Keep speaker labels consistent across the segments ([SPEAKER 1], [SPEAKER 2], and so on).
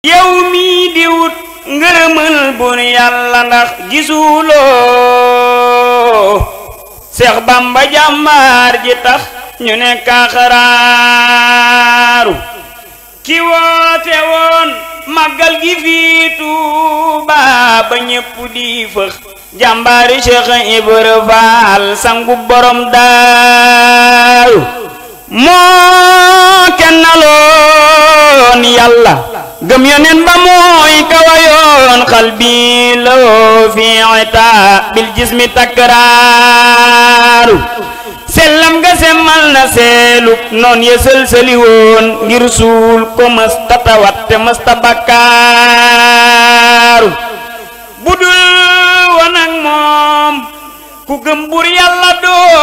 [SPEAKER 1] yow diut di wut ngërëmal gisulo, yàlla ndax gisuloo seex bamba Jamar ji tax ñu ne kaxaraaru ki wote won magal gi fii Tuuba ba ñepp di feex jambar seex Ibra sangu borom daaru mo ken وقلبي له في عتاب الجسم تكرار sellam nga semmal na seeluk noon ya sëlsëli woon ngir suul ko mësta tawat te mësta bakkaaru bu dul woon ak moom ku gëm bur yàlla doo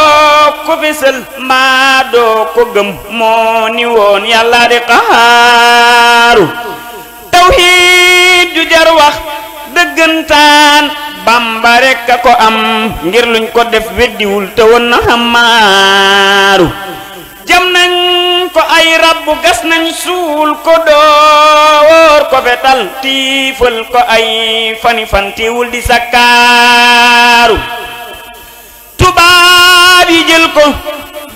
[SPEAKER 1] ko fésal mbaa doo ko gëm moo ni woon yàlla di xaaru tawhiid ju jar wax dëggantaan bamba rekk a ko am ngir luñ ko def weddiwul te woon na xamaaru nañ ko ay rabbu gas nañ suul ko door ko fetal tiifal ko ay fani fan tiiwul di sakkaaru tubaab ko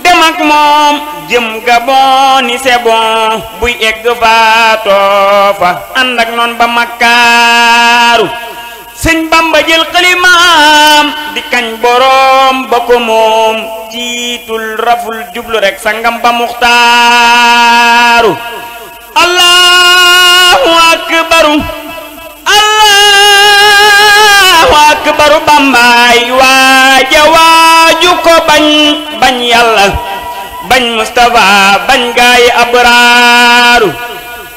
[SPEAKER 1] dem ak moom jëm Gabon ni c'est bon bu egg ba tofa ànd ak ba makaru señ Bamba jël khalimam di kañ borom ba ko raful djublu rek sangam ba muxtaru allahu akbar allahu akbaru bambaay wa jawa bañ bañ yalla bañ mustafa bañ gay abraaru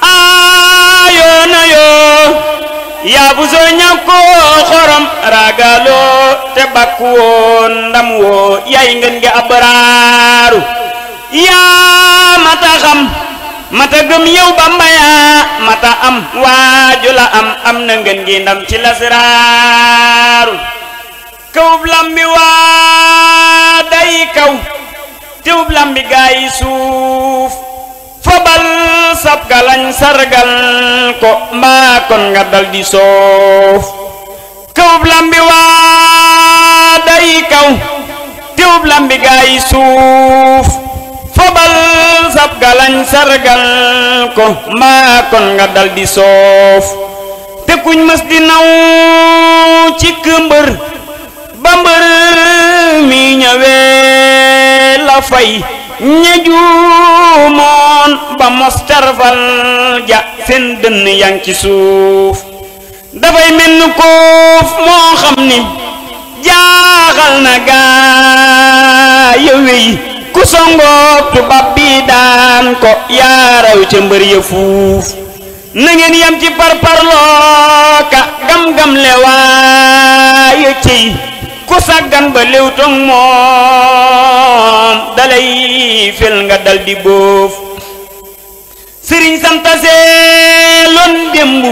[SPEAKER 1] ayo na ya yaa bu soo ñàkkoo xorom raagaloo te bàkkuwoo ndam wo yaay ngeen ge abraaru ya mata xam mata gem yow ba maya mata am wajula am am na ngeen gi ndam ci kawub lambi waa day kaw tiwub lambi gaa suuf fobal sab sargal ko mbaa kon nga dal di soof kawub nga dal soof te kuñ mës di naw ci këmbër ba mbër mi ñëwee la fay ña juumoon ba mostarfal ja seen dënn yaa ngi ci suuf dafay mel koof moo xam ni jaaxal na gaa yëwey ku songoog tubaab bi daan ko yaaraw ca mbër ya fuuf na yam ci parparloo ka gam-gam le waaye cey ku sàggan ba léew toog moom dalay fel nga dal di bóof sëriñ santa seeloon démb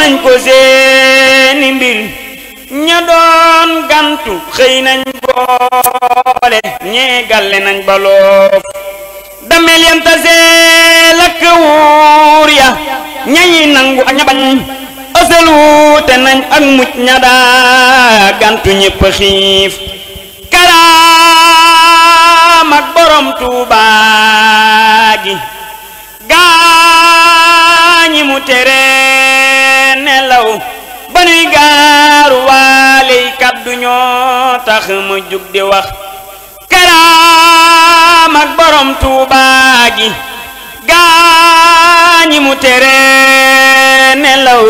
[SPEAKER 1] nañ ko seeni mbir ña doon gantu xëy nañ boole ñee gàlle nañ ba loof dameel yam ta seel wuur ya ñayi nangu a ñabañ asalu te nañ ak mucc ña daa gantu ñépp xiif karaam ak borom tuuba gi gaañi mu tere nelaw ba nuy gaaru waaley kaddu ñoo tax mu jug di wax karaam ak borom tuuba gi gaañi mu tere nelaw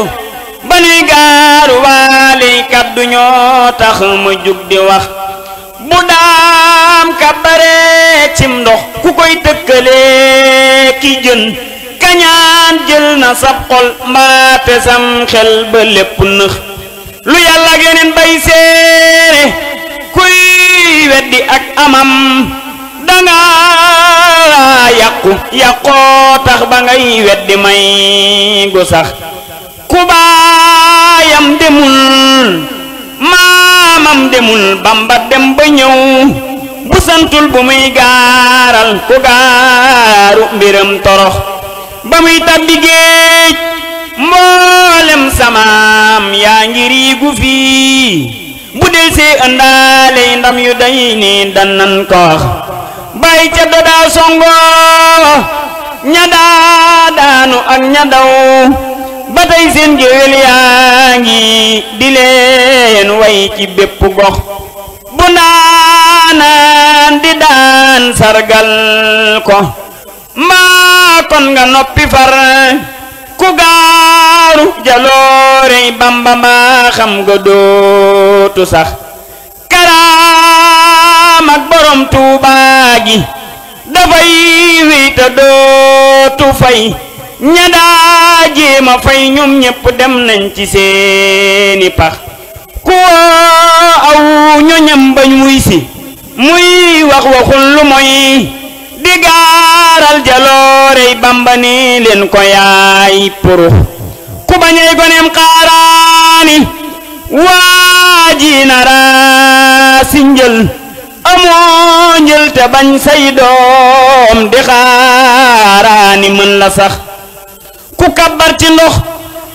[SPEAKER 1] bani gaaru waaleykat du ñoo tax ma jug di wax bu daam ka cim ndox ku koy tëkkalee ki jën kañaan jël na sab xol mbaate sam xel ba lépp nëx lu yàlla ak yeneen bay seere kuy weddi ak amam danga yàqu yàqoo tax ba ngay weddi may gu sax ku baayam demul maamam demul bamba dem ba ñëw bu santul bu muy gaaral ku gaaru mbiram torox ba muy tabbi géej mboolem samaam yaa ngi riigu fii bu del see ndam yu day ni dannan ko wax bàyyi ca dodaa songo daanu ak ña ba tey géwél yaa ngi di leen way ci bépp gox bu ndaanaan di daan sargal ko maa kon nga noppi far ku gaaru jaloorey bamba maa xam nga dootu sax karaam borom tuubaa dafay wéy te dootu fay ña daa fay ñoom ñépp dem nañ ci seeni pax ku woo aw ñoñam bañ wuy si muy wax waxul lu moy di gaaral jaloorey Bàmba leen ko purux ku bañay goneem xaaraani waa ji nara si njël amoo njël te bañ say doom di xaaraani mën la sax ku kabbar ci ndox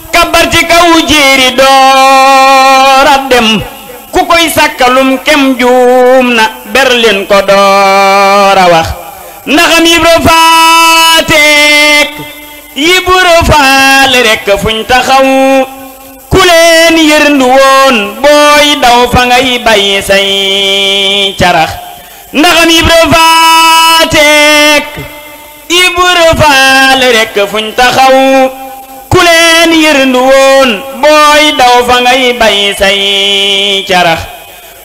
[SPEAKER 1] kabbar ci kaw jéeri doorab dem ku koy sàkkalum kem juum na berlin ko doora wax ndaxam yibro faateek yibro faale rekk fuñ taxaw ku leen yërndu woon booy daw fa ngay bàyyi say carax
[SPEAKER 2] ndaxam yibro
[SPEAKER 1] faateek Ibra Faal rekk fuñ taxaw ku leen yërndu woon booy daw fa ngay bay say carax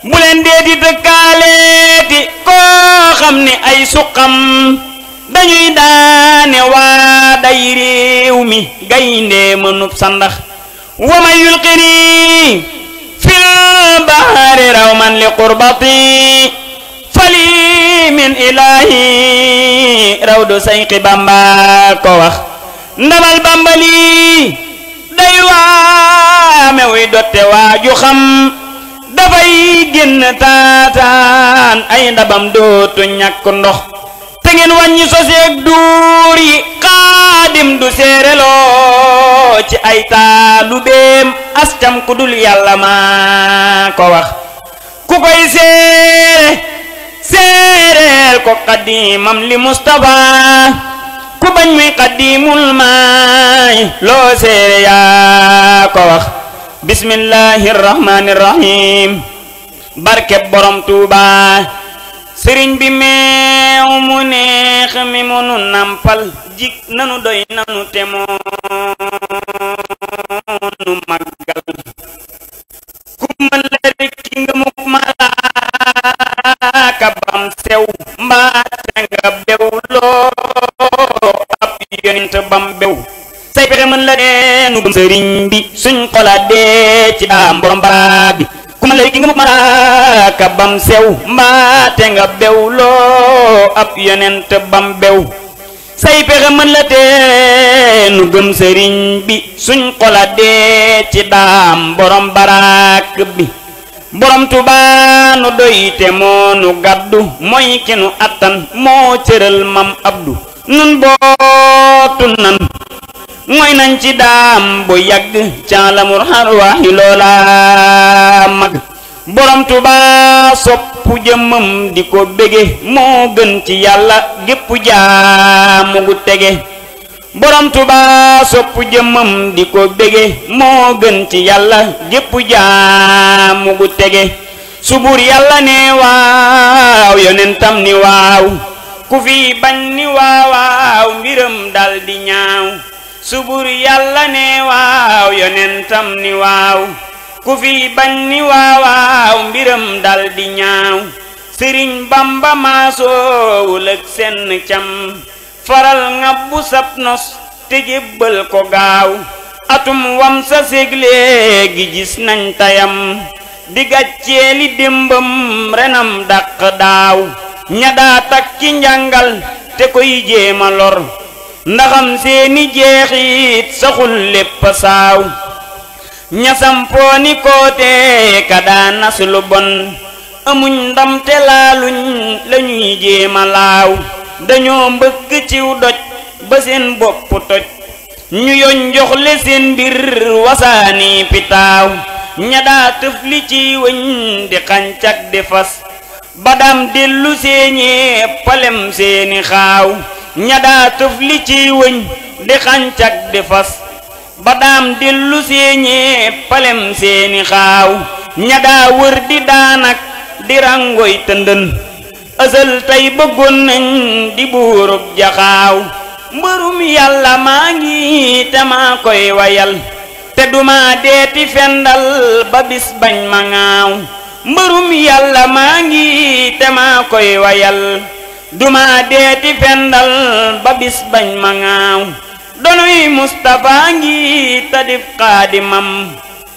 [SPEAKER 1] bu deeti tëkkaaleeti koo xam ne ay suqam dañuy daane waa day réew mi gaynde mënub sandax wa man yulqini fil bahari raw man li qurbati fali min ilaahi rawdu sayqi bamba ko wax ndamal bamba day waame wuy dotte waaju xam dafay génn taataan ay ndabam dootu ñàkk ndox te ngeen wàññi soseeg duur yi xaadim du séereloo ci ay taalu béem astam ku dul yàlla maa ko wax ku koy séere séeréel ko xadiimam li Mustafa ku bañ muy maay loo séeré yaa ko wax bismillahi barkeb borom Tuuba sëriñ bi meew mu neex mi mu nu nampal jik nanu doy nanu te moonu màggal ku mën la rekki nga man sew mbaate nga bew loo ab yonent bam bew say pexe mën la dee nu gëm sëriñ bi suñ xolaat dee ci ma lay nga sew mbaate nga bew loo ab yonent bam bew say pexe mën la dee nu gëm bi suñ xolaat dee ci bi borom Tuubaa nu doy te moo nu gàddu mooy ki nu attan moo cëral mam Abdu nun bootu nan mooy nañ ci daam bu yàgg ca la mur xarwaaxi loola mag borom Tuubaa soppu jëmmam di ko bége moo gën ci yàlla gépp jaamu gu tege borom tuba sopp jëmmam di ko bége moo gën ci yàlla gépp jaamu gu tege subur buur yàlla ne waaw yonentam ni waaw ku fi bañ ni waawaaw mbiram dal di ñaaw su yàlla ne waaw yonentam ni waaw ku fi bañ ni waawaaw mbiram dal di ñaaw sëriñ bamba maa soowul senn cam faral ngabbu sab nos te jébbal ko gaaw atum wam sa ség léegi nañ tayam di gàcceeli démbam renam dàq daaw ña daa takki njàngal te koy jéema lor ndaxam seeni jeexit saxul lépp saaw ñasam pooni koote ka daa nas bon amuñ ndam te laaluñ lañuy jéema dañoo mbëkk ciw doj ba seen bopp toj ñu yoñ jox le seen mbir wasaani pitaaw ña daa tëf ci wëñ di xancak di fas badam dellu seeñee palem seeni xaaw ña daa tëf ci wëñ di xancak di fas badam dellu seeñee palem seeni xaaw ña daa wër di daanak di rangoy tëndën asal tey bëggoon nañ di buurub jaxaaw mbërum yàlla maa ngi te maa koy wayal te duma deeti fendal ba bis bañ ma ŋaaw mbërum yàlla maa ngi te maa koy wayal duma deeti fendal ba bis bañ ma ŋaaw donuy Mustafa ngi tadif xaadimam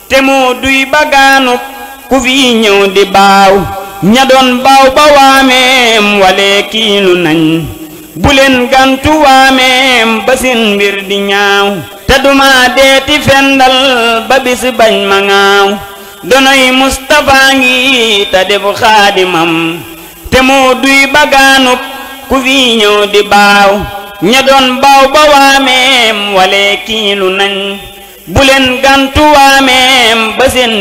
[SPEAKER 1] te moo duy bagaanub ku fi ñëw di baaw ña doon baaw ba waameem walee kiinu nañ bu gantu waameem ba seen mbir di ñaaw te duma deeti fendal ba bis bañ ma ŋaaw donoy Mustapha ngi te defu xaadimam te moo duy bagaanub ku fi ñëw di baaw ña doon baaw ba waameem walee kiinu nañ bu gantu waameem ba seen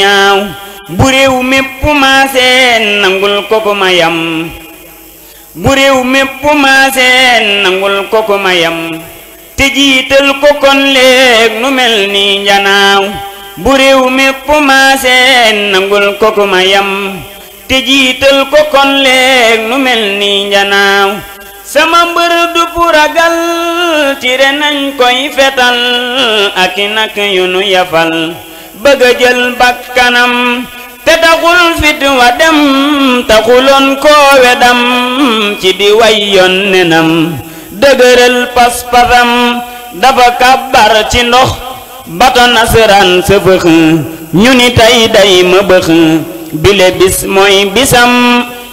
[SPEAKER 1] ñaaw bu réew mépp maasee nangul ko yam bu réew mépp maasee nangul ko nu mel ni njanaaw bu réew mépp maasee nangul ko yam te jiital ko nu mel ni njanaaw sama mbër du puragal tire nañ koy fetal ak i yu nu yafal bëgg bakkanam te taxul fit wa dem taxuloon koo wedam ci di way yoon nenam dëgëral pas-pasam dafa kàbbar ci ndox bato nasaraan sëfëx ñu ni tey day ma bëx bile bis mooy bisam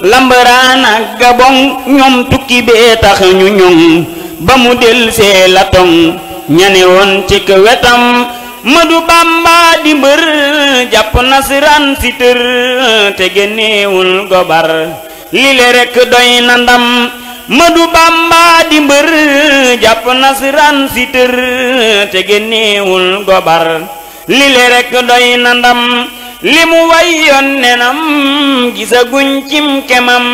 [SPEAKER 1] lambaraan ak gabon ñoom tukki bee tax ñu ñoŋ ba mu del see la toŋ ñane woon ci wetam Madu Bamba di mbër jàpp nasiraan si tër te génneewul gobar lile rekk doy na ndam Madu Bamba di mbër jàpp nasiraan si tër te génneewul gobar lile rekk doy na ndam li mu way yoon nenam gisaguñ cim kemam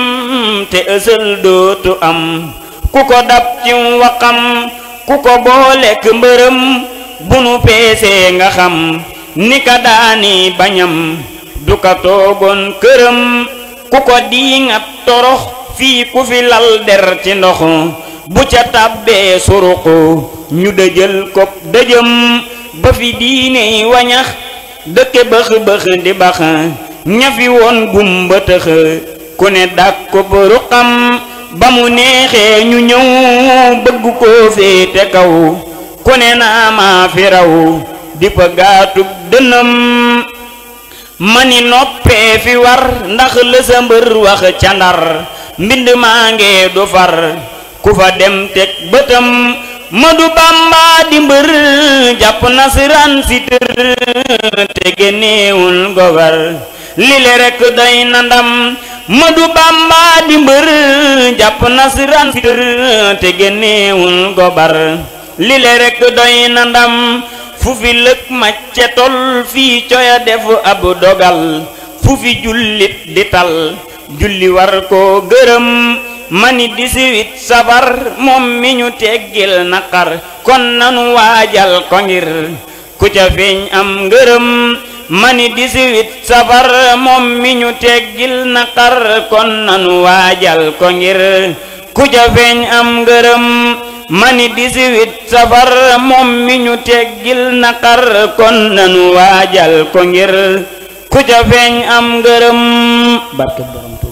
[SPEAKER 1] te ësël dootu am ku ko dab cim waxam ku ko booleek mbërëm bu nu peesee nga xam ni ka daani bañam du ka toogoon këram ku ko diiŋat torox fii ku fi lal der ci ndox bu ca tàbbee suruqu ñu dëjël ko dëjëm ba fi diiney wañax dëkke bëx bëx di bax ña fi woon gumba tëx ku ne dàq ko ruqam ba mu neexee ñu ñëw bëgg koo féete kaw ku ne naa maa fi raw di pa gaatub dënam mani noppee fi war ndax la sa mbër wax ca ndar mbind maa ngee du far ku fa dem teg bëtam Madu Bamba di mbër jàpp nasiraan si tër te génneewul gobar lile rekk doy na ndam Madu Bamba di mbër jàpp nasiraan si tër te génneewul gobar li le rekk doy na ndam fu fi lëg macce tol fii coya def ab dogal fu fi jullit di tal julli war koo gërëm mani 18 safar moom mi ñu teggil naqar kon nanu waajal ko ngir ku ca feeñ am ngërëm mani 18 safar moom mi ñu teggil naqar kon nanu waajal ko ngir ku ca feeñ am ngërëm mani dix-huit safar moom mi ñu teggil naqar kon nanu waajal ko ngir ku ca feeñ am ngërëm